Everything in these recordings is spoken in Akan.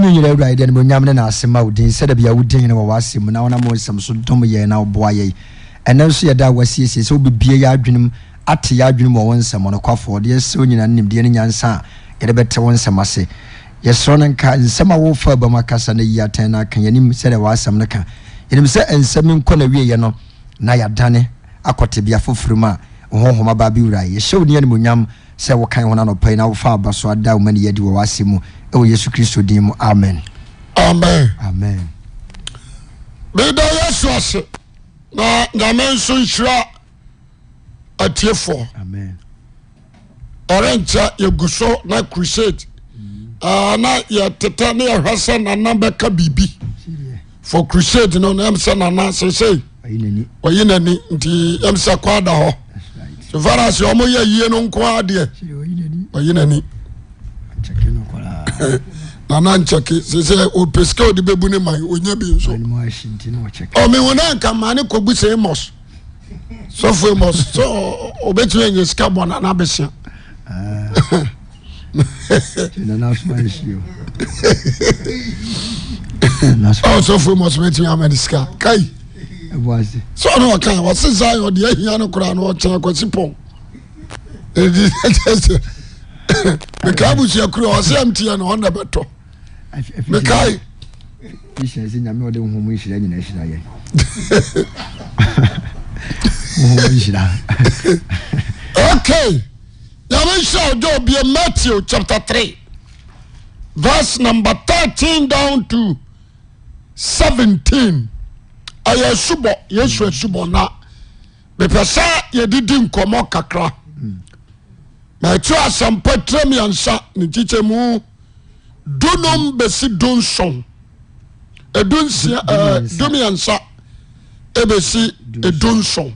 tumi nyina awura yɛde animonyam ne naase ma wo din sɛda bia wo wɔ w'asɛm na wonam nsɛm so dom yɛn na woboa yɛi ɛnɛ nso yɛda a wasiesie sɛ wobɛbie yɛ adwenem ate yɛ adwenem wɔ wo nsɛm nokwafoɔ deɛ sɛ wo nyina nimdeɛ no nyansa a yɛde bɛte wo nsɛm ase yɛsrɛ no nka nsɛm a wofa ba mu akasa no yi atɛn no aka yɛnim sɛdeɛ w'asɛm no ka yɛnim sɛ nsɛm nkɔ na wieɛ no na yɛadane akɔtebea foforɔ mu a honhom aba bi wura yɛhyɛ wo ne animonyam sɛ woka hon nɔpayino wofa aba so ada womaneyaadi w'ase mu ɛwɔ yesu kristo din mu amen amena bida yɛsu ase na ame nso nhyira atiefo ɛrenkɛ yɛgu so na crusadena mm. yɛteta ne yɛhwɛ sɛ nana bɛka biribi fo krusade non m sɛ nana seisɛi yinani nti msɛ ko ada hɔ farise ɔmo yɛ yie no nko adeɛ ɔyi n'ani nana nkyɛke sɛ opesika odi bɛbu ne ma, onya bi nso ɔmihu na nka maa ne kɔbu sɛ amos sɔfo amos sɛ ɔbɛtumi anya sika bɔ nana abɛsia ɔsɔfo amos bɛtumi ama ne sika kai. sọ na ọka ọsẹ sáyẹ ọdẹ ẹhìnyá no kura ni ọkyẹn akwasi pọn ẹdi ẹsẹ mẹka abusua kura ọsẹ mtn na ọna bẹ tọ mẹka yi. ihyira sɛ nyame ɔde honhom nhyira nyina hyira yɛ honhom nhyira okay nyame nhyira ɔdɔ obie matthew chapter 3 verse number 13 down to 17 yɛsubɔ yɛsu asubɔ na mepɛ sɛ yɛdidi nkɔmmɔ kakra maati asampɔ tramiɛnsa ne nkyikyɛ mu dunum bɛsi dnson eh, mɛnsa bɛsi dunson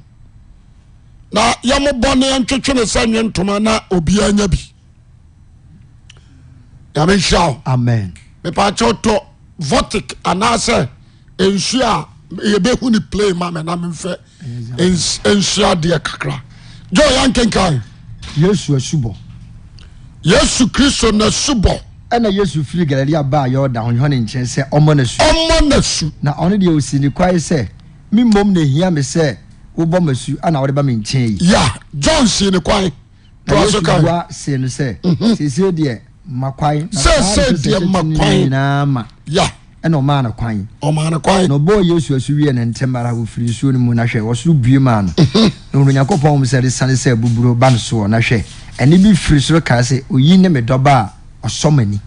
na yɛ mobɔne ɛntwetwe ne sɛ nwentoma na obiaa nya bi nyamhyia mepɛkyɛ tɔ votic anaasɛ nsuoa yɛbɛhu ne play ma menamemfɛ nsua deɛ kakra jo yɛnkenkan yesu asubɔ yesu kristo n'asubɔ ɛna yesu firi galilea baa yordan yohane nkyɛn sɛ ɔmmɔ n'asu ɔmmɔ n'asu na ɔno deɛ osi ne kwae sɛ me mmom na ehia me sɛ wobɔ m'asu ana wode ba me nkyɛn yi ya john sii ne kwae na yesu bua see no sɛ mhm. seesei deɛ ma kwae sɛsɛ deɛ ma kwae nyinaa ma ya yeah. ɛna ɔmaa no kwan ɔmaa no kwan na ɔbɔɔ yesu asu wie ne ntɛm ara wɔfiri nsuo no mu na hwɛ wɔsoro bue maa no na wɔn onyankopɔn mu sɛ de sane sɛ abuburo ba no soɔ na hwɛ ɛne bi firi soro kaa sɛ oyi ne me dɔba a ɔsɔ m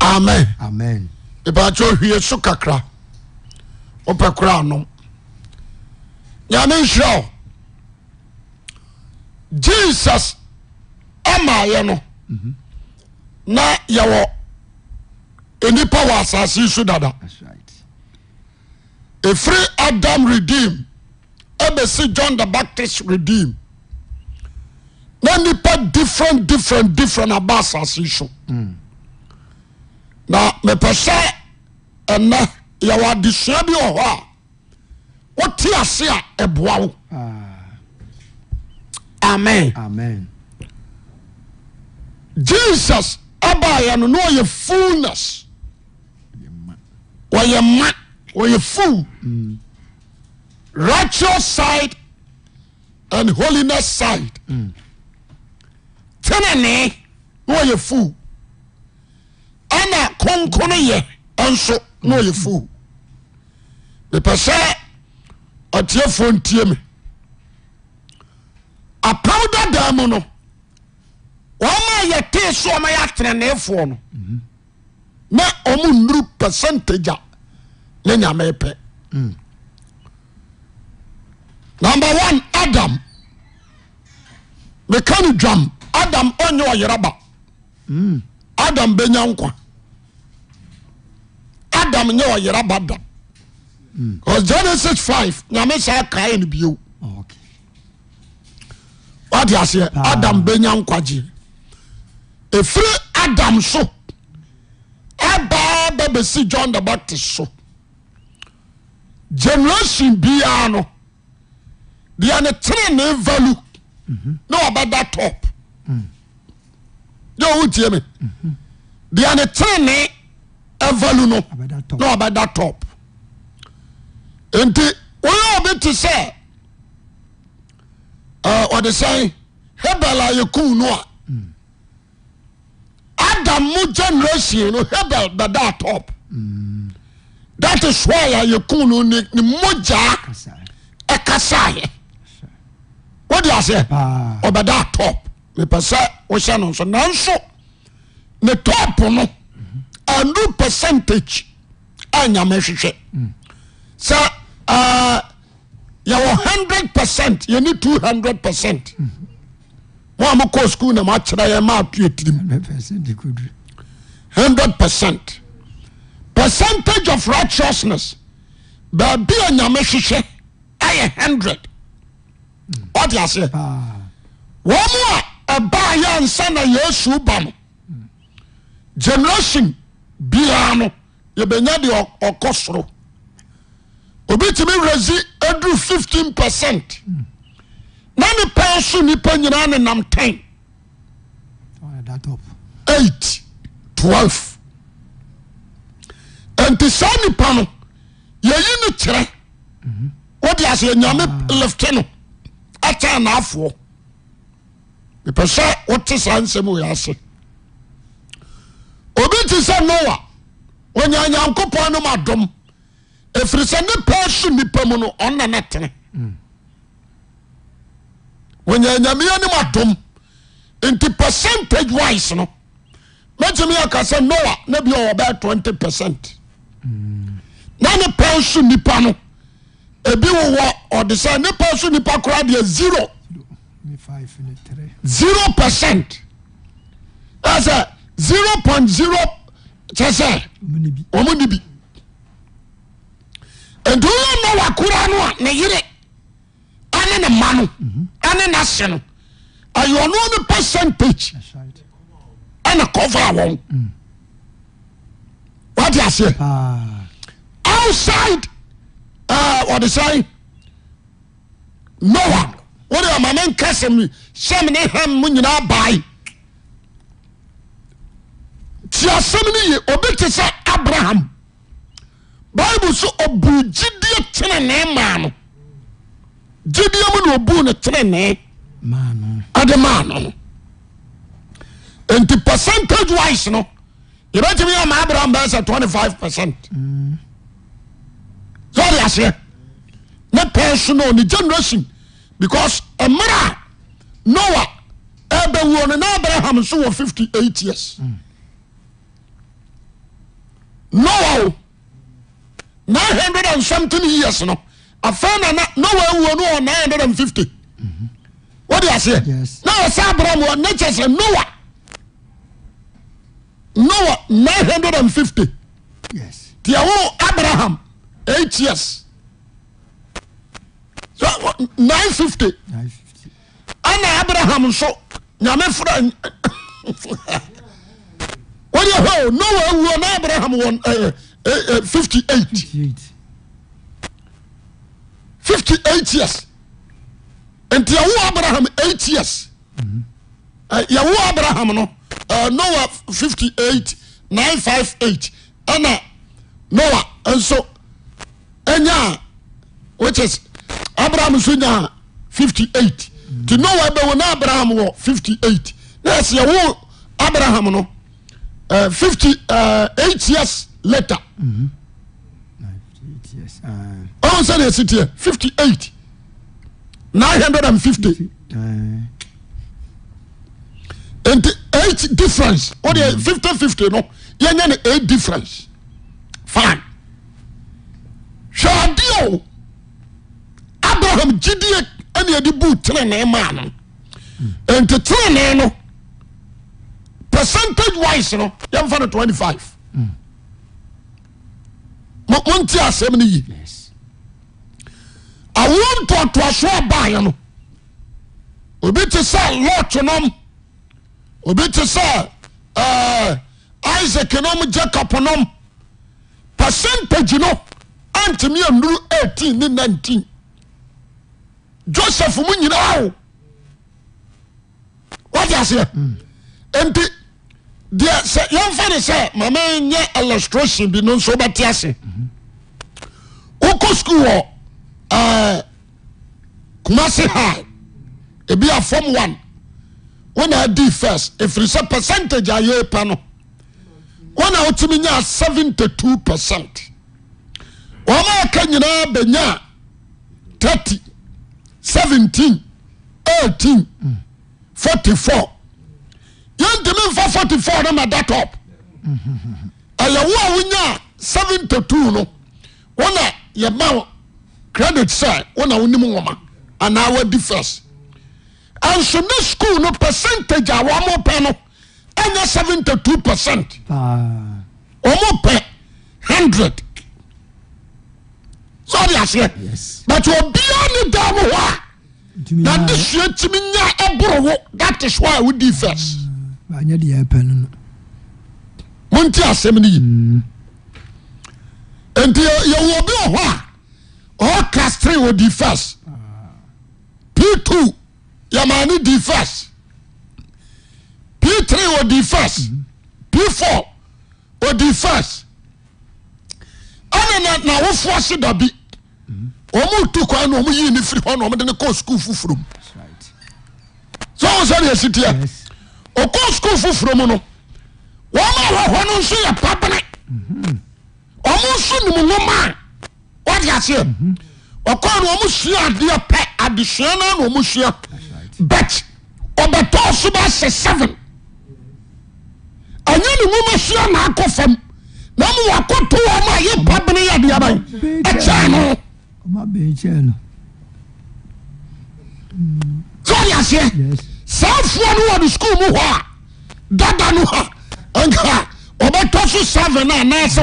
amen amen ìbáàjọ hwie so kakra wopɛ kora anom nyame nhyira o jesus ama yɛ no mhm. na yɛwɔ wsase s dadaɛfiri adam redeem besi john the baptist redeem na nnipa different different different aba asase yso mm. na mepɛ sɛ ɛnɛ yɛwɔ adesua bi wɔ hɔ a wotee ase a ɛboa wo ah. amen jesus abayɛ no na ɔyɛ fulness ɔyɛ mma ɔyɛ fuu rightuous side and holiness side tenene na ɔyɛ fu ɛna konkono yɛ nso na ɔyɛ fu nepɛ sɛ ɔtiɛfoɔ ntie mu aprɛwdadaa mu no ɔmaa yɛtee soɔmayɛatenanefoɔ no ne ɔmu nnuru percentage a ne nyame pɛ mm. number one adam meka no dwam adam ɔnyɛ ɔyeraba mm. adam bɛnya nkwa adam nyɛ ɔyeraba da mm. genesis 5 nyame saa kaɛ no bio wade aseɛ ah. adam bɛnya nkwagye ɛfiri adam so ɛbaa bɛbɛsi john the baptist so generation biara no de ɛ ne tere ne valu na ɔbɛda tɔp yɛ ɔɔtie m de ɛ ne terene valu nona ɔbɛda tɔp nti woyɛ wɔbɛ te sɛ ɔde sɛn habel ayɛku no a adam mu gyeneration no habel bɛda tɔp thatis wy a yɛkom no ni ne mmogyaa ɛkasaeɛ wodeasɛ ɔbɛda top nipɛ sɛ wohyɛ no nso nanso ne tɔp no anu percentage anyame hwehwɛ sa yɛwɔ 100 percent yɛni 200 percent mo a mokɔɔ sukuul na makyerɛ yɛ maatoa tirim 100d percent percentage of righteousness baabi a nyamehwehwɛ ayɛ 100 odeaseɛ ah. wɔma a ɛbaa yɛ ansa na yɛasuo ba no generation biaa no yɛbɛnya de ɔkɔ soro obi tumi wurɛzi aduru 15 percent na ne pɔw so nnipa nyinaa ne nam tan 82 ɛnti saa nnipa no yɛyi no kyerɛ wode as ynyame lite no akɛa naafoɔ ipɛ sɛ wote saa nsɛm eɛ ase obi te sɛ noa nya nyankopɔn anom adom ɛfiri sɛ nnipɛ so nnipa mu no ɔna no tee ɔnya nyame nom adom nti percentage wise no mɛtimiyɛka sɛ noa na bia ɔwɔbɛɛ 20 percent na ne pɛw so nnipa no ebi wowɔ ɔde sɛ ne pɛw so nnipa koraa deɛ zero zero percent ɛ zero point zero kyɛ ɔmo ni bi nti woyɛ nɔ no a ne yere ane ne ma no ane n'ase no ɛyɛ ne percentage ɛna kɔfa wɔn. Mm. eɛ ah. outside ɔde sɛe noa wode ɔmamɛnka sɛmsɛm ne ham mu nyinaa bae tiasɛm no ye ɔbɛte sɛ abraham bible sɛ ɔbuu gyidie terene maa no gyidiɛ mu na ɔbuu no terene ade maa no nti percentage wise no yɛiiyɛma abraham bɛɛsɛ 25 pecent sɛwode aseɛ ne pɛ so noɔ ne gyenerasin because mmerɛ a noa bawuɔ no ne abraham so wɔ 58 years noa o n7 years no afa nana noa wu no 50 wodeasɛnɔ sɛ abraham ɔnakɛ sɛ noa noa 50 tyɛwo abraham 8 years 950 ana abraham so nyamfr noa wne abraham w 5 58 years nt yɛwo abraham ei yearsywo mm-hmm. eh, abraham o noa 58 n58 ɛna noa nso ɛnyaa whicis abraham so nyaa 58 ti noa bɛwo ne abraham wɔ 58 na ɛsiɛ wo abraham no 58 uh, uh, years leter ɛw sɛne asiteɛ 58 90050 nti eight difference o de mm. fifty fifty no yẹn yẹn ni eight difference fine hwɛ Abraham gyidie ɛna yɛde bu tirinii maa no mm. nti tirinii no percentage wise no yɛn fa no twenty five mm. mo mo n ti asɛm ni yi awo ntɔntɔnso abaayɛ no obi ti sɛ lɔɔtɔ nom. obi te sɛ eh, isaak nom jecop nom pɛsenpagi no antimi anuru 18 ne 19 josepf mu nyinaa wo wode aseɛ nti deɛ ɛ yɛmfano sɛ mamenyɛ illustration bi no nso wobɛte ase wokɔ sukuu wɔ eh, kuma se ha bia fom 1 wona adi first ɛfiri sɛ percentage ayɛɔ pɛ no wona wotumi nyaa 72 percent wɔ ma wɛka nyinaa bɛnyaa 30 7 18 44 yɛntimi mfa 44 no ma datop ɛyɛwoa wonyaa 72 no wona yɛ ma credit sɛ wona wonim woma anaa woadi firs anso ne skuul no percentage a womopɛ no ɛyɛ 72 percent ah. ɔmopɛ 100 sɛdeaseɛ butɔbiara ne da m hɔ a na de sua timi nya boro wo date sha wodi fisonsɛm ntiyɛwɔbi w hɔ a class 3 ɔ di fis ah. p 2 yamani di first p3 odi first p4 odi first ɛne na n'awofoɔ ase dabi wɔn tu kwan na wɔn yi ne firi hɔ na wɔn de ne kɔ sukuu foforɔ mu sɛ wɔn sɛ deɛ si teɛ ɔkɔ sukuu foforɔ mu no wɔn a wɔ hɔ no nso yɛ pabene wɔn nso nim nwoma a wɔde mm-hmm. ɔkɔ na wɔn sua adeɛ pɛ adesua na na wɔn sua. but ɔbɛtɔ so bɛhyɛ s ɛnya ne womasuanaakɔ fam na mawakot m ayepabeneyɛdiaba yɛ no aneaseɛ sɛafua no wɔde skul muhɔ dada n hnk ɔbɛɔ so s anasɛɛɔ so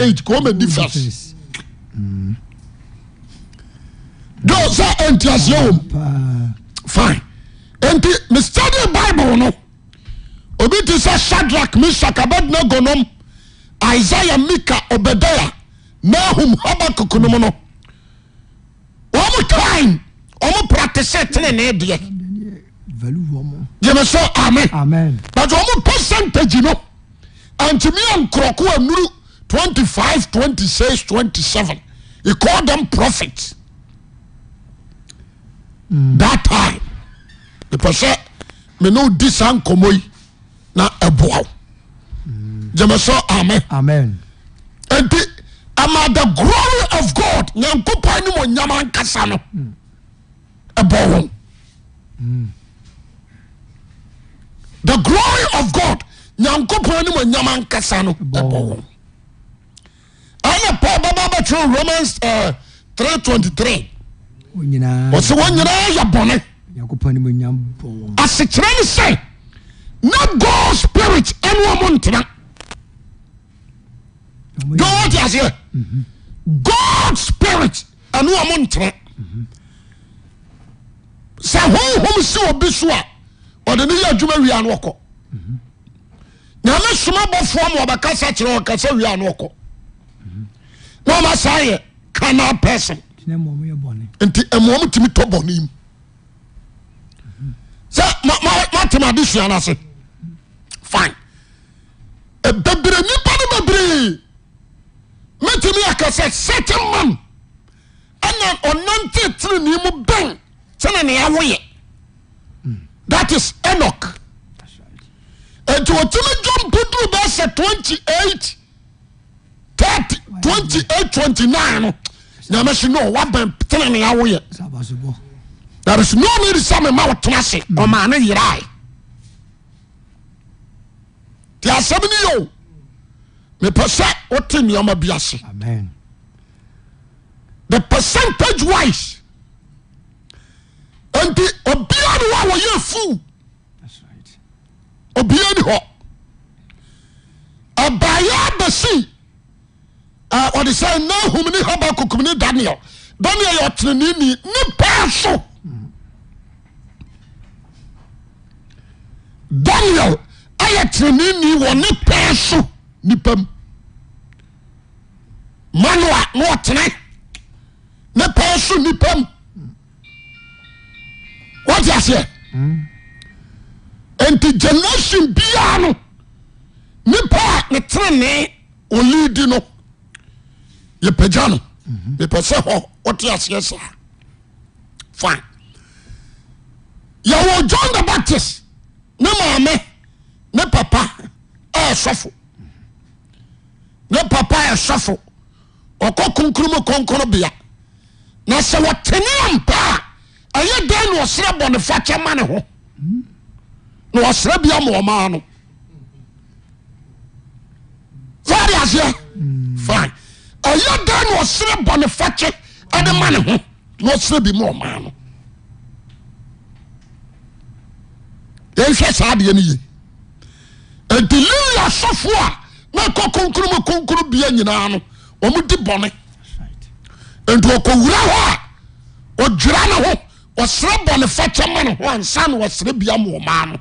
ei ssɛnaseɛo fi nti me study bible no obi te sɛ sadrak mesakabadena gonom isaiah mika obedea naahum haba kokonom no ɔm tim ɔm pratesɛ tenene deɛ emeso amen but ɔmopersentage no antimiankorɔko anuru 252627 calldm prohet datim nipɛ sɛ mene wodi sa nkɔmmɔ yi na ɛboawo gye mesɛ ame nti ama the glory of god nyankopɔn anim nyama nkasa no ɛbɔ wɔn the glory of god nyankopɔn ani m nyama nkasa no ɛbɔ wɔn anepɔw bɛbɔ bɛtwerɛ romans 323 eh, swɔyina yɛ bɔne asekyerɛ ne sɛ na god spirit ɛnoamo ntenaontaseɛ mhm. god spirit ɛnoam ntea mhm. sɛ hohom sɛ ɔbi so a ɔde ne yɛ adwuma wiea noɔkɔ mhm. nyamesomabɔfoɔ m ɔbɛka sakyerɛkasɛia nna ɔmasa yɛ kana person nti ɛmoam tumi tɔ bɔne mu sɛ matem ade sua no ase fine ɛbɛbrɛ nipa no bɛbree mɛtumi aka sɛ certain man ɛna ɔnante tenenee mu bɛn sɛne neawoyɛ that is enok nti ɔtumi dwom poduru bɛsɛ 28 30 28 29 no namɛse no woben teraneawoyɛ aesnomadesa mema wo tema se ɔma ne yera ti asɛmi ne yo mepɛ sɛ wote miama biase the persentage wice nti obiane hɔ awɔyɛ fo obiani hɔ abayɛ besi Ah, ɔde sɛ na hum ne haba kokom ne daniel daniel yɛɔterne ni ne pɛɛ so daniel ayɛ kerane ni wɔ ne pɛɛ so nipa m man na ɔteɛ ne pɛɛso nnipa m woteaseɛ nti generation biara no nipa a ne terene ɔlidi no yɛpɛgyano pɛ sɛ hɔ wɔteaseɛ saa fin yɛwɔ john the baptist ne maɔmɛ ne papa ɛsɔfo ne papa aɛsɔfo ɔkɔ kromkrom konkrono bia na sɛ wɔtane ampa a ɛyɛ dɛn naɔserɛ bɔne fakyɛ mane hɔ na ɔsrɛ bia mɔɔmaa no fade aseɛ fine ɛyɛ dan na ɔsere bɔnefakyɛ ɛde ma ne ho na ɔsere bi ma ɔmaa no yɛnhwɛ saa adeɛ no ye ɛnti lili asɔfoɔ a na ɛkɔ konkrom konkrom bia nyinaa no ɔmodi bɔne nti ɔkɔwura hɔ a ɔdwira ne ho ɔsere bɔnefakyɛ ma ne ho ansa na ɔsere bia ma ɔmaa no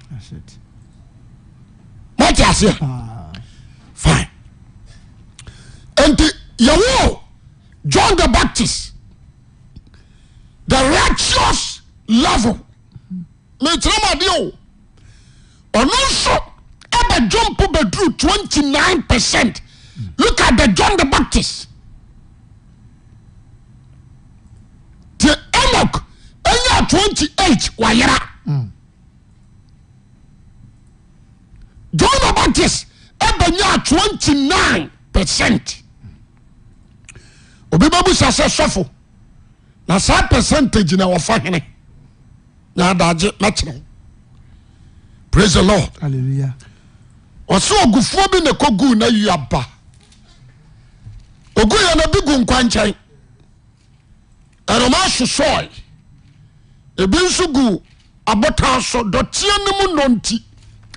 mɔte aseɛ ah. fine nti yẹwò John the Baptist the righteous level mẹtìrẹ mu di o ọ̀nà nso ẹbẹ John po bẹduru twenty nine percent look at the John the Baptist the Enoch ẹnyà twenty eight wàyẹra John the Baptist ẹbẹ nyà twenty nine percent obi bɛbu sa sɛ sɔfo na saa percentage na wɔfa hene na adagye mɛkyerɛ praise the lord hallelujah ɔsɛ ogufoɔ bi na ɛkɔ na yi aba ogu yɛ na bi gu nkwankyɛn ɛrɛma asosɔe ebi nso gu abotan so dɔteɛ no mu nɔnti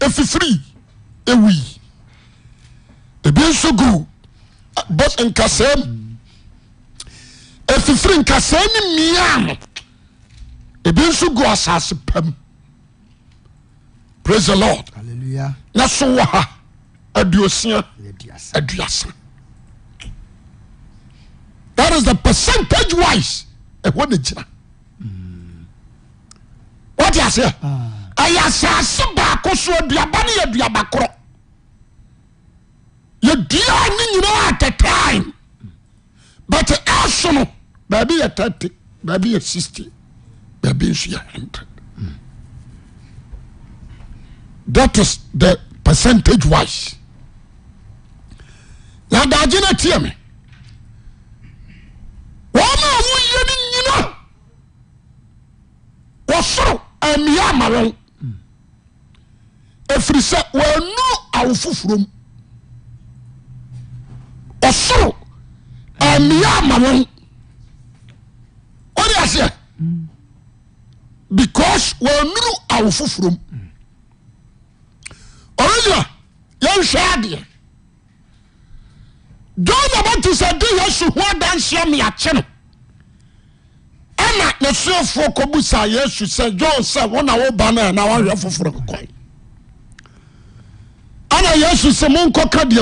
efifiri ewui ebi nso gu nkasɛɛ mu. ɛfifiri nkasaa nemmiaa no ebi nso go asase pam prais the lord na so wa ha aduosea aduasa thatis the percentage wise ɛhɔ no gyinawtase ah. ɛyɛ asase baako so aduaba no yɛdaba koro yɛdua ne nyina ata time but asono baabi yɛ 30 baabi yɛ s0 baabinsyɛ h00 thatas the percentage wise nadaagyena atiɛ me ɔma woye no nyina wɔsoro amiɛama wɔn ɛfiri sɛ wanu awofoforom ɔsoro amiɛama wɔn ɛbecause wanuru awo foforom raima yɛhwɛa deɛ jon nabɛte sɛ de yɛasu ho danseɛ meakye no ana nesoɛfoɔ kɔb sa yasu sɛ jon sɛ wonaofornayssɛ monɔka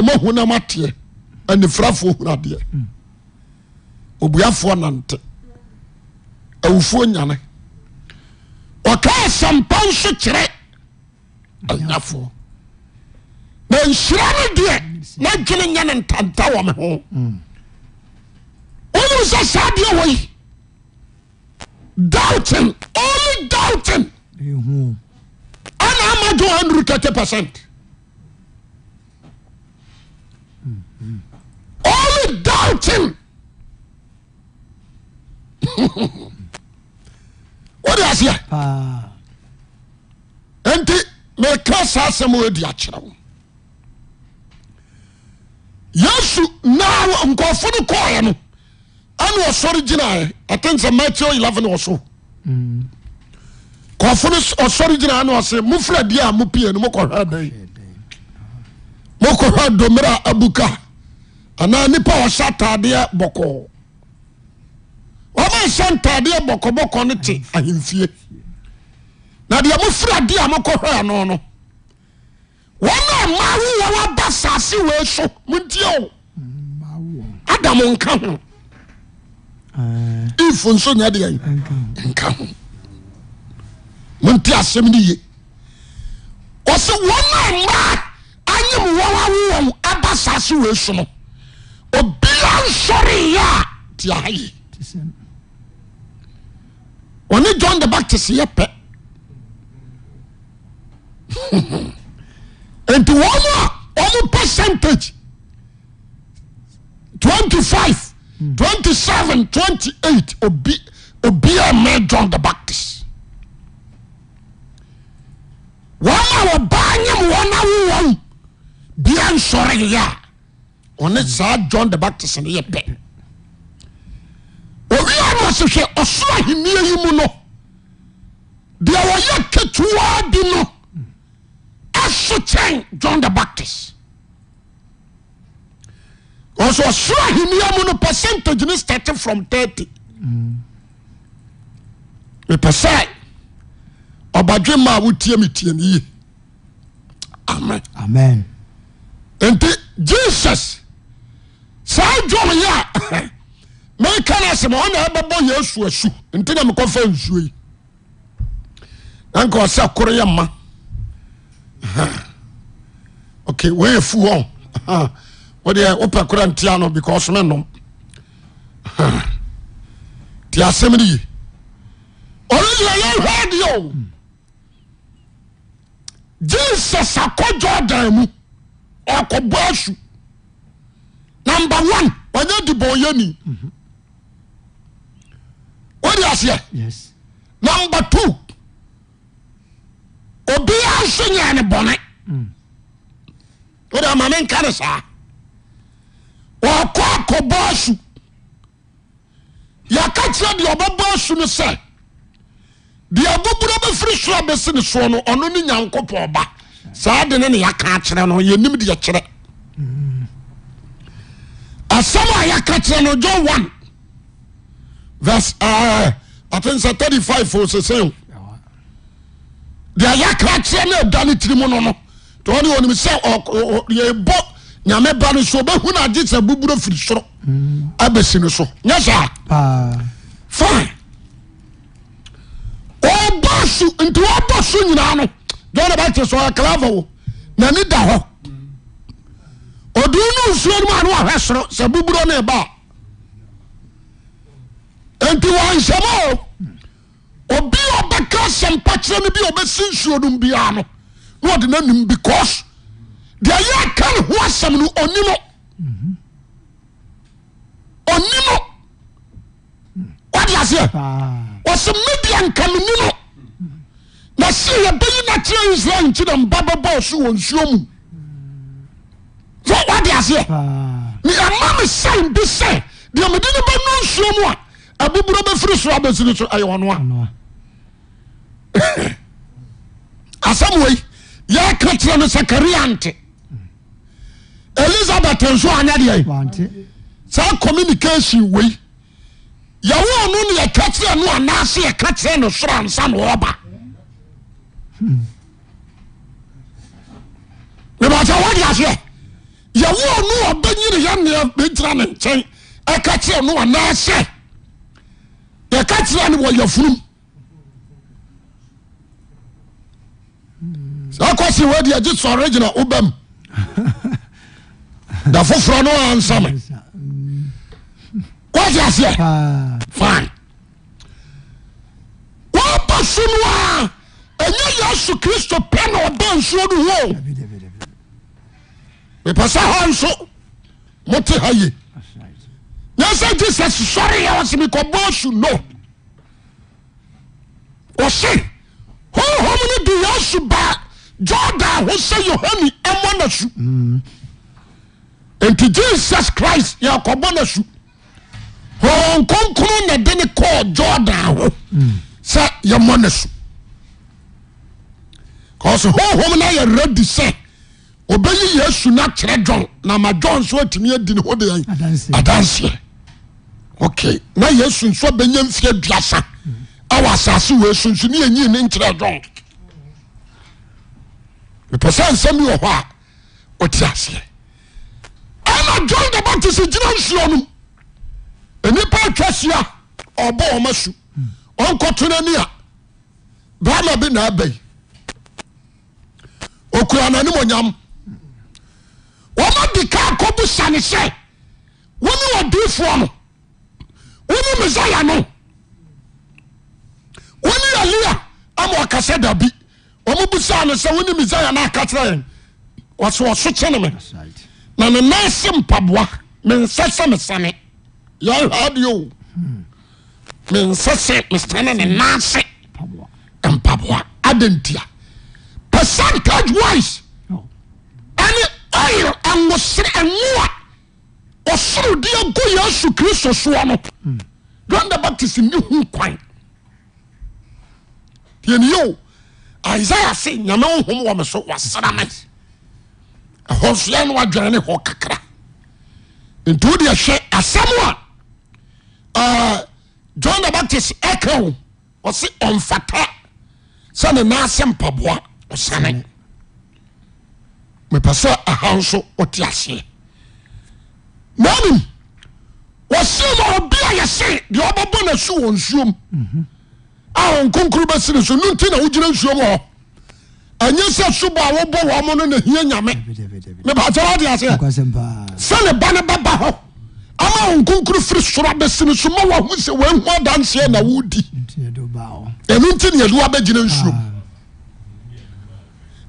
dem wfoaɔkaa sɛmpa nsokyerɛ yafoɔ na nhyira no deɛ na dwene yɛ no ntanta wɔ me ho wonem sɛ saa deɛ wɔyi doutn ol douten ana madwehndur 30 percent oly douten snti ah. meka saa asɛm wdi akyerɛ wo yesu na nkɔrɔfo no kɔɔɛ no aneɔsɔre gyinaɛ ate sɛ mattew 11 wɔ so ɔɔsɔre gyina neɔse mofra diɛ a mu pie no moɔɛdai mokɔhɛ dɔmerɛ a abuka anaa nnipa ɔsɛ taadeɛ bɔkɔɔ wɔma nhyɛ ntaadeɛ bɔkɔbɔkɔ no te ahemfie na deɛ mofiri adeɛ a mokɔhwɛɛ no no wɔn a maa wowɔ waba saase wei so montie o adam nka ho if nso nyɛ deɛ nka ho monte asɛm no ye ɔsɛ wɔn a mmaa anyem wɔn awowɔ aba saase wei so no obiara nsɔre yɛ a te yi ɔne john the baptist yɛ pɛ nti wɔn a wɔn percentage twenty five hmm. twenty seven twenty eight obi obi a mɛ john the baptist wɔn a wɔbaa nyam wɔn awo wɔn bia nsɔre yɛ a ɔne saa john the baptist ne yɛ pɛ. owia no ɔsehwɛ ɔsoro ahennua yi mu no deɛ wɔyɛ ketuaa bi no so kyɛn john the baptist cs ɔsoro ahennua mu no pɛsentogine stat from 30 epɛ sae ɔbadwe maa wotiam tian yi amenan nti jesus saa john yɛ a mekana sɛm wona abɛbɔ yɛasu asu nti na mekɔfa nsuyi anka wɔ sɛ kore yɛ mao we yɛ fu hɔ wodeɛ wopɛ korɛ ntia no because me no ti asɛm reye ɔneyina yɛhwaadeɛo jesus akɔ jordan mu ɔakɔbo asu numbe one ayɛ dibɔn yɛni ɛnamb tw ɔbia so nyɛne bɔne ode mm. amamenka ne saa ɔakɔ akɔba asu yɛka kyerɛ deɛ ɔbɛba su no sɛ deɛ agɔburo bɛfiri soro bɛsi no soɔ no ɔno ne nyankopɔn ba saa dene ne yɛka akyerɛ no yɛnim deɛ kyerɛ mm. asɛm a yɛka kyerɛ no yo o vsbatsɛ 35 foss de ayɛkra kyerɛ ne ɛdwa ne tirimu no no nneɔnimsɛ yɛbɔ nyame ba no s ɔbɛhu nagyesɛ bobro firi soro abɛsino soyɛsɛfa ɔɔ s ntiwɔɔ so nyinaa no nebɛkyeɛsɛɔklavao naneda hɔ ɔde nusuonmn soro sɛ bobro neba enti wɔnhyɛm o obi ɔbɛka asɛmpa kyerɛ no bi a ɔbɛsi nsuo no biara no na ɔde no anim because deɛ yɛ aka ne ho asɛm no ɔni no ɔni no aseɛ wɔsɛ media nka me ni na sɛ yɛbɛyi no kyerɛ israel nkyi na mba bɛbɔɔ so wɔ nsuo mu wade aseɛ ɛma Mi sɛn bi sɛ deɛ ne no bɛnu nsuo mu a aboboro bɛfiri soro abɛsiri so ɛyɛ ɔnoa asɛm wei yɛka kyerɛ no sakaria nte elizabeth nso anyɛdeɛ saa communication wei yɛwo ɔno no yɛka kyerɛ no anaase yɛka kyerɛ no soro ansa na ɔba nebɛkyɛ wode aseɛ yɛwo ɔno ɔbɛnyine yɛneɛ bɛgyina ne nkyɛn ɛka kyerɛ no anaasɛ yɛka kyerɛ ne wɔyɛ funum hmm. sɛ kɔ se wadi agye sɔre gyina wobam da foforɔ no ansame kɔse hmm. aseɛ fine wɔba so no a ɛnyɛ yesu kristo pɛ na ɔda nsuo no ho mepɛ sɛ ha nso mote ha ye ɛsɛ jisus sɔreyɛ ɔsmikɔbɔasu no ɔse hohom no de yɛsu baa jordan ho sɛ yɔni ɔmɔnas nti jesus christ yɛkɔbɔnosu kronr ndene kɔɔ jordan ho sɛ yɛmɔ nasu csohm no ayɛeradi sɛ ɔbɛyi yɛ su no kyerɛ jon nama jon so atumi adin hɔde adanseɛ Okay, na yesu nso bɛnya mfie aduasa ɛwɔ asase wɔ esu nso ne yɛnyii ne nkyerɛ dɔn mepɛ sɛ nsɛm bi wɔ hɔ a ɔte aseɛ ɛna john the baptist gyina nsuo no nnipa atwa ahyia ɔbɔ wɔn asu ɔnkɔto n'ani a barima bi na abɛyi okura n'anim onyam wɔn adi kaa kɔbu sani wɔn ne wɔn diifoɔ no. wonemisayano wone alea amaakasɛ dabi omobusa no sɛ wonemisayankatra waswɔsokeneme na nenase mpaboa mensɛ sɛ mesame yahadi mensɛsɛ esane nenase mpaboa adentia percentage wise an oh. oil nwosere noa ɔsorodeɛgo yesu kristo soa no jon hmm. da baptist nne hu kwan dn isaia se nyame ohowɔ me so wsra ma ɛh soɛ no wdwanehɔ kakrantiwo deɛhwɛ asɛm a eh, john tha baptist ɛkɛo ɔse ɔmfata sɛne naasɛ mpaboa ɔsaneɛpɛsɛ hmm. ha nsoɔteaseɛ manim wɔsee ma obi a yɛse deɛ ɔbɛbɔ na su wɔ nsuom a ɔnkonkro bɛsine so no nti na wogyina nsuom hɔ ɛnyɛ sɛ subɔ a wobɔ wɔ mo no na hia nyame mebaakyɛ wode aseɛ sɛne ba no bɛba hɔ ama ɔnkonkro firi soro abɛsine so ma waho sɛ wahu adanseɛ na wodi ɛno nti ne yɛde wabɛgyina nsuom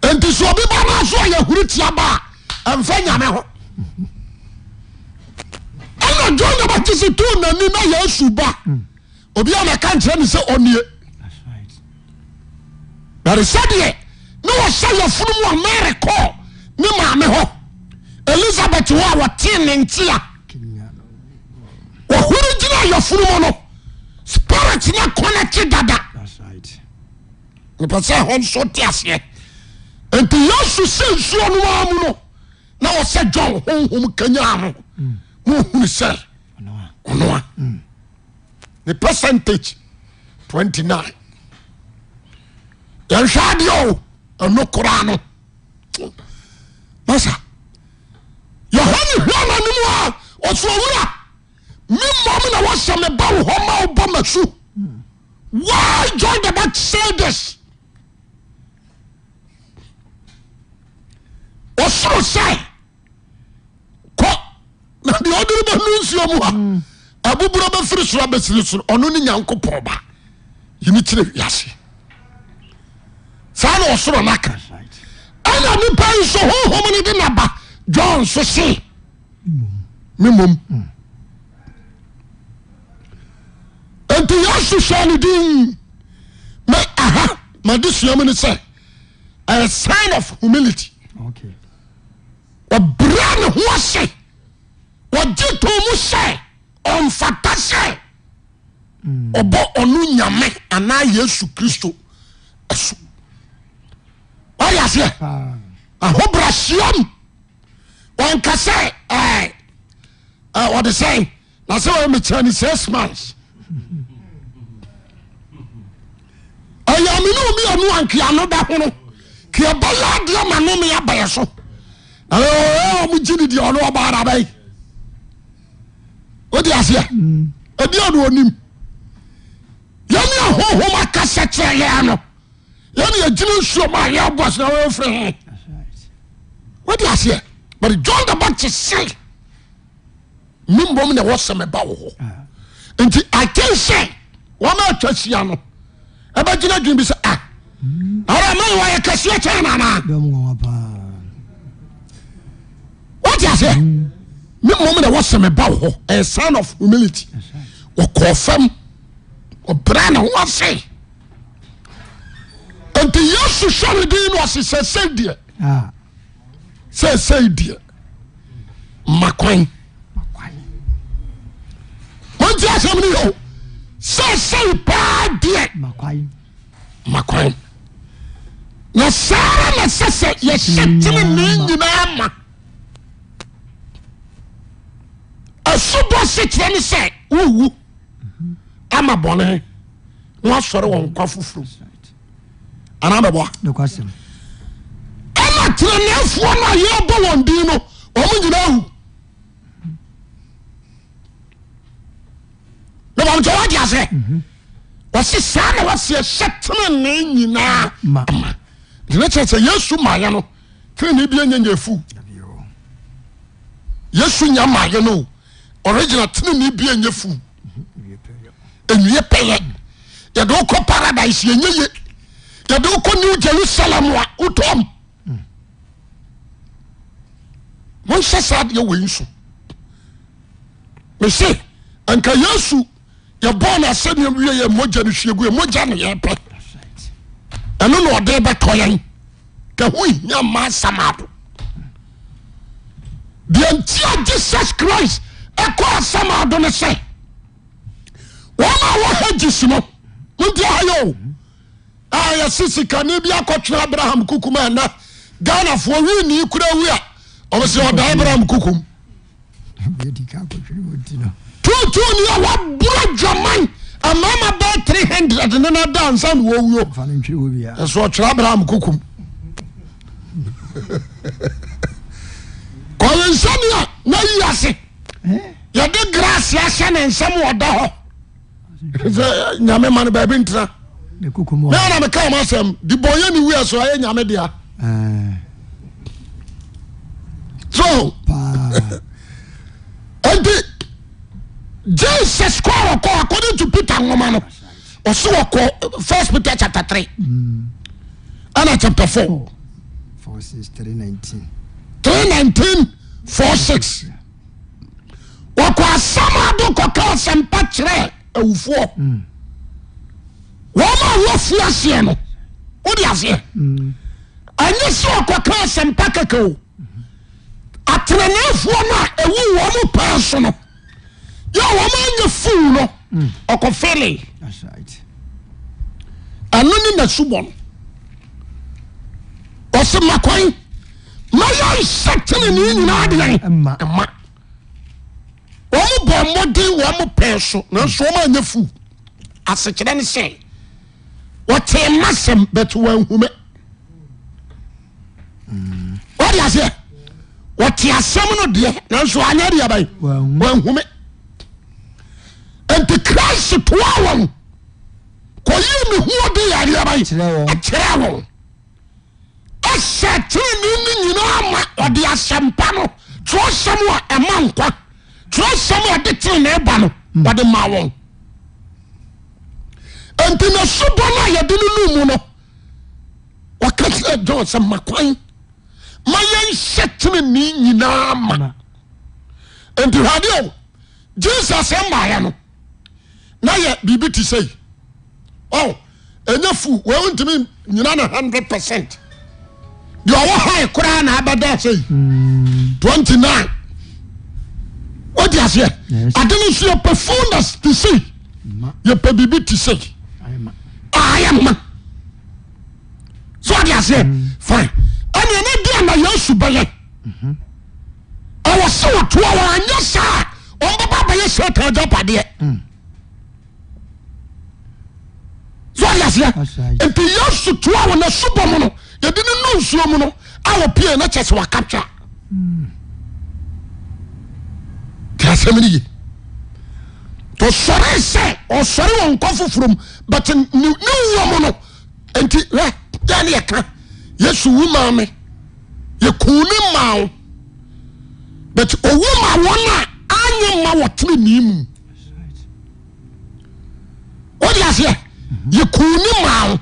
enti sɛ obi ba no so a yɛhuru tiaba a ɛmfa nyame ho na john the baptist too nani na yesu ba obi a na ka nkyerɛ ne sɛ ɔnie bɛre sɛdeɛ ne wɔhyɛ yɛfunu mu a mary kɔɔ ne maame hɔ elizabeth hɔ a wɔtee ne nte a wɔhoro gyina yɛfunu mu no spirit na kɔnɛkye dada nipɛ ɛhɔ nso te aseɛ nti yesu si nsuo no mu no na wɔsɛ john honhom kanyaa no usɛnoa ne mm. percentage 29 yɛnhwɛadeɛo ɛno kora no masa yɛha neha nonomu a ɔsowura memam na wɔsɛ me ba wo hɔ ma wobɔ masu y jone basadis ɔsoro sɛi na deɛ ɔdere bɛno nsuo mu a mm. aboborɔ bɛfiri soro abɛsiri soro ɔno ne nyankopɔn ba yini kyerɛ wiase saa na ɔsoro no aka ɛna nipa yi so honhom no de naba john so se memom mmm. mm. enti yesu hyɛ no din ma aha made sua mu no sɛ a sign of humility ɔbra ne ho ase wɔgye to mu sɛ ɔmfata sɛ ɔbɔ ɔno nyame anaa yesu kristo asu ɔyɛ aseɛ ahobrɛhyiam wɔnka sɛ wɔde sɛ na sɛ mi mekyerɛ ne six months ɛyɛ me ne omi ɔno ankeano da ho no kiɛbɛyɛ adeɛ ma no meyɛbɛyɛ so ɔmo gye di deɛ ɔno ɔbaara bɛyi wode aseɛ ɛdeano ɔnim yɛne ahohom akasɛ kyerɛ yɛa no yɛne yɛgyina nsuoma a yɛabɔs na wɔɛfiri he wode aseɛ but john the baptist se membom ne wɔsɛm ɛba wo hɔ nti aken sɛ wɔma atwa ahyia no ɛbɛgyina adwene bi sɛ a ara mayi wɔyɛ kɛseɛ kyɛn nanaa wote aseɛ memome de wɔsɛme ba wo hɔ ansign of humanity wɔkɔɔ fam ɔbrɛ ne ho asee ɛnti yɛ suswɛredi no ase sɛ ah. sɛ deɛ sɛ ɛsɛi deɛ ma kwan mantiasa nomyɛo sɛ ɛsɛe baa deɛ ma kwan na sa ra ma ɛsɛ sɛ yɛhyɛ teme ne nyinaa ma asekyerɛ ne sɛ wowu ama bɔne na wasɔre wɔ nkwa foforo anaa bɛboa ɛna tenaneafoɔ no a yɛbɔ wɔn din no ɔmo nyinaa awu nebɔmkyɛ wagye asɛ mhm. wɔse saa na wɔseɛ hyɛ tenane nyinaa ma ntina kyerɛ sɛ yesu maayɛ no tenane bia nyanya fu yesu nya maayɛ no o original teneb yɛ f niɛ pɛɛ yɛde wkɔ paradise yɛyɛ ye yɛde wkɔ new jerusalem a wotɔm monhɛ saa deɛwei so mese anka yesu yɛbɔɔ no asɛmmewiyɛ mmɔgya no hwgu mgya no yɛrpɛ ɛno na ɔde bɛtɔ yɛn kaho hiama samado dentia jisus christ ɛkɔ asɛm ado ne sɛ wɔrnaa wɔhagi sino monti ahayɛo a yɛse sikane biakɔ twerɛ abraham kokum ana ghanafoɔ wenii korawia ɔbɛsɛ ɔda abraham kokm tutuni a waborɔ dwaman ama mabɛ 3 00ne nda nsano wɔwuoso ɔtwerɛ abraham kokum kɔɛ nsani a nayiase yɛde grase asɛ ne nsɛm wɔdɔ hɔɛ eh, nyamemao babi naɛanameka ɔmasɛm de bɔyɛ ne wia so ayɛ nyamedea so nti jeses koa wɔkɔ a kɔde tu pete nwoma no ɔse wɔkɔ firs pita chapa3 ana chapa 4 319 46 wɔkɔ asamado kɔka sɛmpa kyerɛɛ awufoɔ mm. wɔ ma awɔ fiaseɛ no wode aseɛ anyɛ sɛ ɔkɔka asɛmpa kakao atranaafuɔ no a ɛwu wɔ m paa so no yɛ wɔma anyɛ fuu no mm. ɔkɔfɛlei ano no nasubɔ no ɔso makoni mɛyɛ nsɛ kena nei yinaadeanma wɔn bɔ mmɔden wɔn mo pɛɛ so nanso wɔn anya fu asekyerɛ ne sɛ wɔte mma sɛm bɛte wɔn ahume wɔde aseɛ wɔte asɛm no deɛ nanso anya deɛ bɛyɛ wɔn ahume nti Christ toa wɔn kɔyi ne ho de yareɛ bɛyɛ akyerɛ wɔn ɛhyɛ tiri ne nyinaa ma ɔde asɛmpa no twerɛ sɛm a ɛma nkwa. rɛmɔde eeneba noɔde ma wɔ nti nasobɔ no ayɛde no nommu no wɔkrakerɛ dwo sɛ ma kwan ma yɛnhyɛ tyene ne nyinaa ma nti hwadeɛ o jesus mbaaeɛ no na yɛ biribi te sɛyi ɛnya oh, fuu wwo ntimi nyina na 100d percent deɛ ɔwɔ hae koraa naabɛda a sɛ yi 29 mm. wodi aseɛ ade no nso yɛpɛ fullness te sei yɛpɛ biribi te sei ayɛ ma so wode aseɛ mm. fine ɛneɛ ne di ana yɛasu bɛyɛ mhm. ɛwɔ sɛ wɔtoa wɔ anyɛ saa a ɔmbɛba bɛyɛ satan agyapadeɛ mm. so wode aseɛ nti yɛasu toa wɔ n'asubɔ mu no yɛde ne no nsuo mu no a wɔpie na kyɛ sɛ wakaptwa sɛmin ye tɔɔsɔre sɛ ɔsɔre wɔ nkɔ foforo m but ne wa mu no nti yɛ ne yɛka yesu wo ma me yɛko ne ma o but owo ma wɔn a ayema wɔtema nimu wodeaseɛ yɛko ne maa o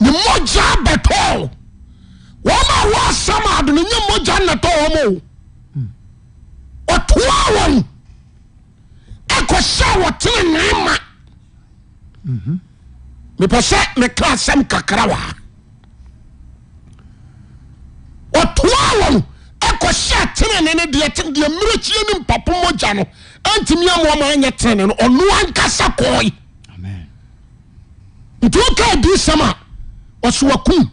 ne mmɔgya betal wɔrma wɔasamadono yɛmmɔgya natɔɔmo ɔtoaa wɔn ɛkɔhyɛ wɔtenene ma mm-hmm. mepɛ sɛ meka asɛm kakra waa ɔtoaa wɔn ɛkɔhyɛ tenene no deɛ deɛ mmerɛkyie ne mpapomɔgya no antimi amoama anyɛ tenene no ɔnoa ankasa kɔe nti woka adi sɛm a ɔso wakum mm.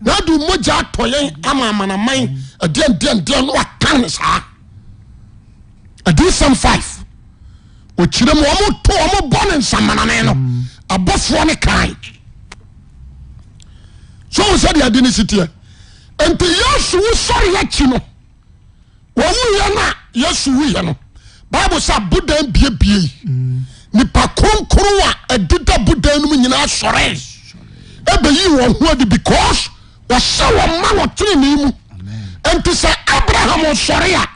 na ade mmɔgya atɔ yɛn ama amanaman mm. adeandeandean na wakane saa ads5 ɔkyirɛmbɔn nsamanane no bɔfoɔ ne kassdɛsuwo sɔreɛ ki no woiɛ no a yɛsu woɛ no bible sɛ bodan biabiei mm. nipa konkroa adeda bodan nom nyinasɔre bɛyi hod because sɛ ma ɔterene mu nt sɛ abrahamsɔrea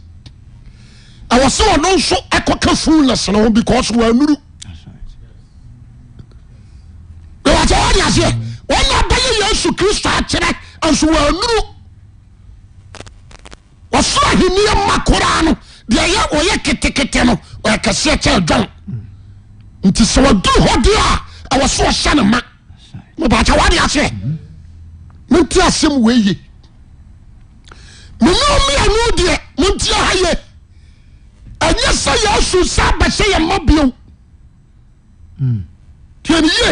awɔsɛɔdo nso kɔka fo na sene ho becaus wanur eɛnayɛ yesu kristo kyerɛ nsanur ɔsoo heni ma kora no deɛɛɔyɛ ketekete no kɛseɛ kyɛ dwan nti sɛwaduru hɔdeɛ a wɔsoɔhyɛ ne ma kdeeɛ ntiasɛyenanu deɛi ɛnyɛ sɛ yɛasu sa abɛ sɛ yɛ mma bi ndin ye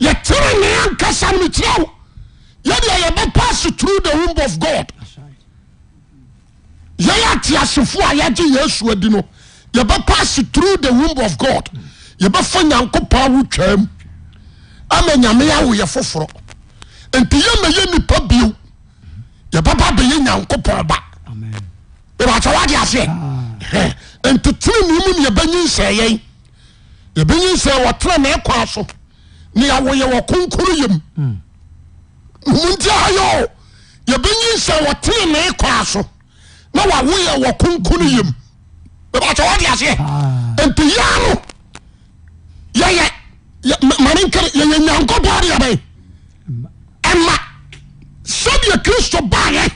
yɛtera neɛ ankasa metirɛ wo yɛdeɛ yɛbɛpɔ ase troug the b of god yɛyɛ ate asefoɔ a yɛagye yɛ asuadi no yɛbɛpɔ ase trough the womb of god yɛbɛfa nyankopɔn awotwaa mu ama nyameɛ awo yɛ foforɔ nti yɛmayɛ nnipa bio yɛbɛba bɛyɛ nyankopɔn ba ɛ nteterenmu ne ybanyinsɛ yɛ ɛbisɛɛwɔteekɔ a so n ɛwoyɛw ro y mntiyɛ yɛnisɛ wɔteemekɔa so na wwoyɛ oyɛntya no ɛɛanenre ɛyɛ nyankɔ deabɛ ɛma sɛdeɛ kristo baɛ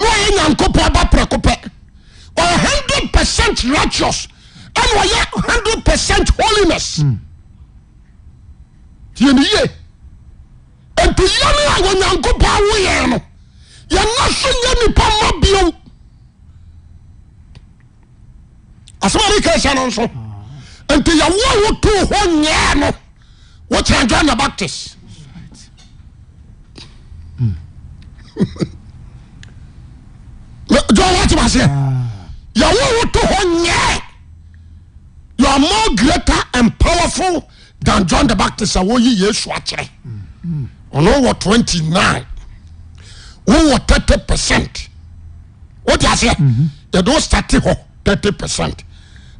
yɛ nyankpɔn baprɛkopɛ 100 pecent riteous nɔyɛ 100 percent holiness yɛneye ntiyɛno a wɔ nyankopɔn woyɛ no yɛna so yɛ nnipo ma biom asɛm nekaɛ siɛ no nso nti yɛwoa wotoo hɔ nyɛɛ no wotandwo nya baptis moe greater ad powerful than john the baptista wɔyiyesukyrɛnwɔ 29wɔ 30 pecentde h 30 pecent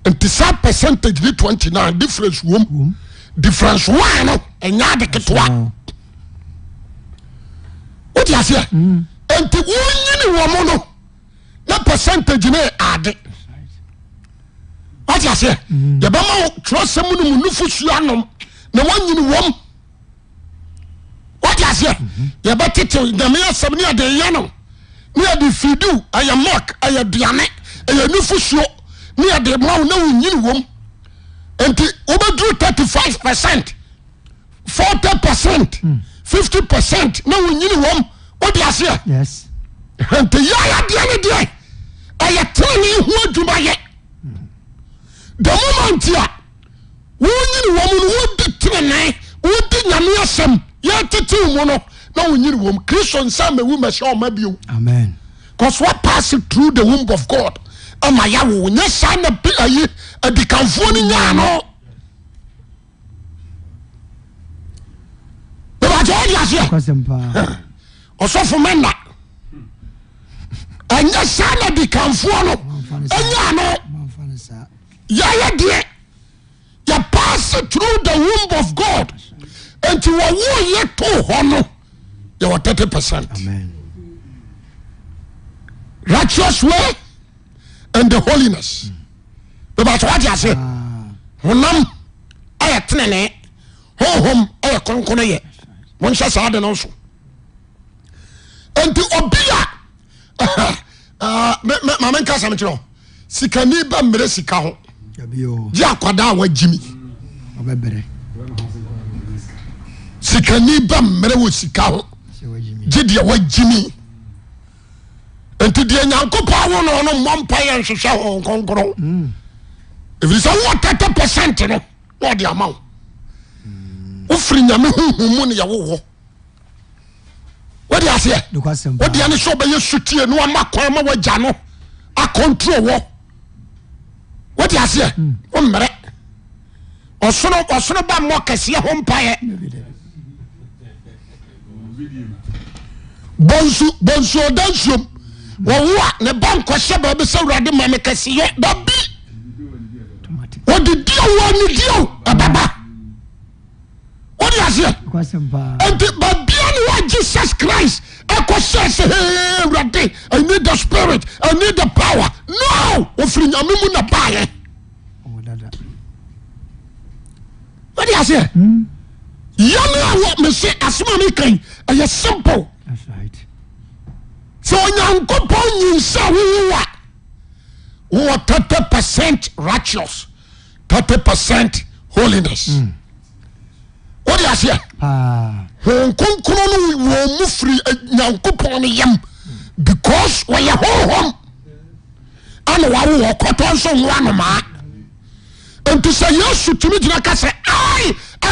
ntis pecentag 29 direncedifrensea apsengi adɛ krɛsɛmu nomu nfosuo ano nawoyiniwmɛɛnmeyɛsɛm ne yɛdeyɛno eyɛde fid yɛ yɛ dane yɛnfosuo ne yɛde mao naoyiniwɔm nti wobɛdur 35 percent 40 percent 50 mm. pecent na oyini wɔm odeaseɛ yayɛdeɛ no deɛ ɛyɛ teene ho adwumayɛ da momanti a wɔyine wɔ mu no wɔdi teene wodi nyameɛ sɛm yɛtete mu no na wɔnyinewɔm kristo nsan mawmhyɛma bi cas wopasse trough the womb of god ma yɛow nyɛ sa aadamfoɔ no nya noɛ ɛnyɛ saa na di kamfoɔ no nyaano yɛyɛdeɛ yɛpasse trough the womb of god nti wɔyɛyɛ too hɔ no yɛwɔ 30 percent righteous way ante holiness hmm. bɛbɛwt ase ah. honam yɛtenne hohom yɛ kronkronyɛ wo hyɛ saade noso mamɛnka sɛmkyerɛ sikani ba mmrɛ sika hogye akwada wgyimi sikani ba mmerɛ wɔ sika ho gye deɛ woagyimi nti deɛ nyankopɔn wonoɔno mmɔmpa yɛ nhwehwɛ ho kronkron mm. ɛviri sɛ wowɔ tat pesent no woɔde amao wo firi nyame hohumu no yɛwohɔ wọ́n aseɛ wọ́n di ẹni sọ bẹ́yẹ sutie ní wọ́n ma kọ́ ẹ ma wọ́n gya no akọ́ntúrò wọ́ wọ́n di aseɛ wọ́n hmm. mẹrẹ ɔsono ɔsono bá mọ kẹsíẹ hó mpa yẹ bonsu bonsu ọdansuom wọ́n wú a ne ba nkọ́sẹ́ bẹ́ẹ̀bi sẹ́ wúradì mami kẹsíẹ dàbí wọ́n di díẹ̀ wọ́n ni díẹ̀ ẹ̀ bàbá wọ́n di aseɛ ẹ̀ jesus christ ɛkɔsɛ sɛ wrade anehe spirit anehe power noow ofiri nyame munabaɛ wdeseɛ yɛna awɔ mese asoma mekan ɛyɛ simple sɛ onyankopɔn yinsa wowwa w 30 percent rits 30 pecent holinesdɛ hokon nɔm firi eh, nyankopɔn no yam because ɔyɛ hɔhom ana woɔkɔɔ so wanomaa nt sɛ yɛsu tumi gina kasɛ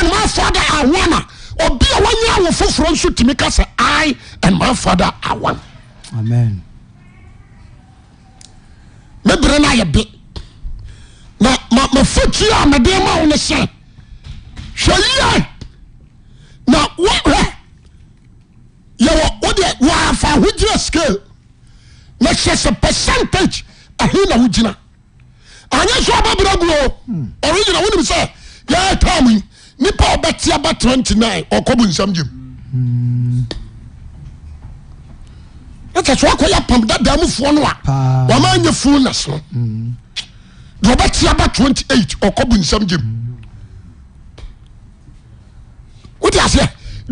nafada aana ia ɔyɛ awɔ foforɔ nso timi kasɛ a nmafade aan eberɛ noyɛb mafata medemawon ɛhw ɛɔoɛfa hogyina skal na hyɛ sɛ peen pa nawoginaeaalonsɛɛɔɛa29ɛdaa nɛ2ɛ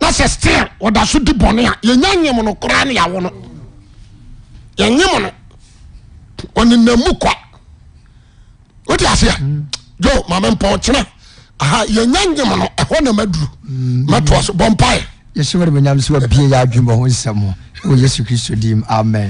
na sɛ stea ɔda so de bɔne a yɛnya nyom no koraa no yɛwo no yɛyem no ɔne namu ka wodiase o mamɛpɔo kyena a yɛnya yem no ɛhɔ namaduru mɛtoa mm-hmm. so bɔpa ɛsɛdnyam sɛ abie yɛdwen bɔho nsɛm h yesu kristo dim amen